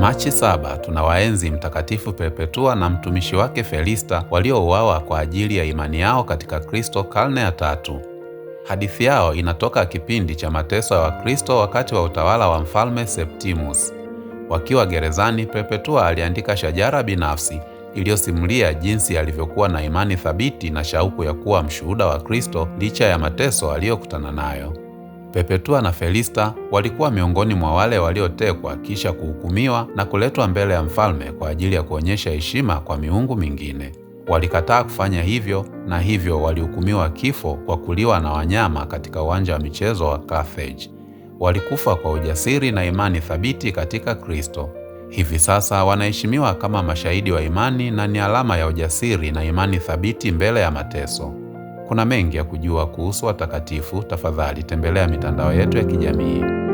Machi saba tunawaenzi Mtakatifu Perpetua na mtumishi wake Felista waliouawa kwa ajili ya imani yao katika Kristo karne ya tatu. Hadithi yao inatoka kipindi cha mateso ya Wakristo wakati wa utawala wa Mfalme Septimus. Wakiwa gerezani, Perpetua aliandika shajara binafsi iliyosimulia jinsi alivyokuwa na imani thabiti na shauku ya kuwa mshuhuda wa Kristo licha ya mateso aliyokutana nayo pepetua na Felista walikuwa miongoni mwa wale waliotekwa kisha kuhukumiwa na kuletwa mbele ya mfalme kwa ajili ya kuonyesha heshima kwa miungu mingine. Walikataa kufanya hivyo na hivyo walihukumiwa kifo kwa kuliwa na wanyama katika uwanja wa michezo wa Carthage. Walikufa kwa ujasiri na imani thabiti katika Kristo. Hivi sasa wanaheshimiwa kama mashahidi wa imani na ni alama ya ujasiri na imani thabiti mbele ya mateso. Kuna mengi ya kujua kuhusu watakatifu. Tafadhali tembelea mitandao yetu ya kijamii.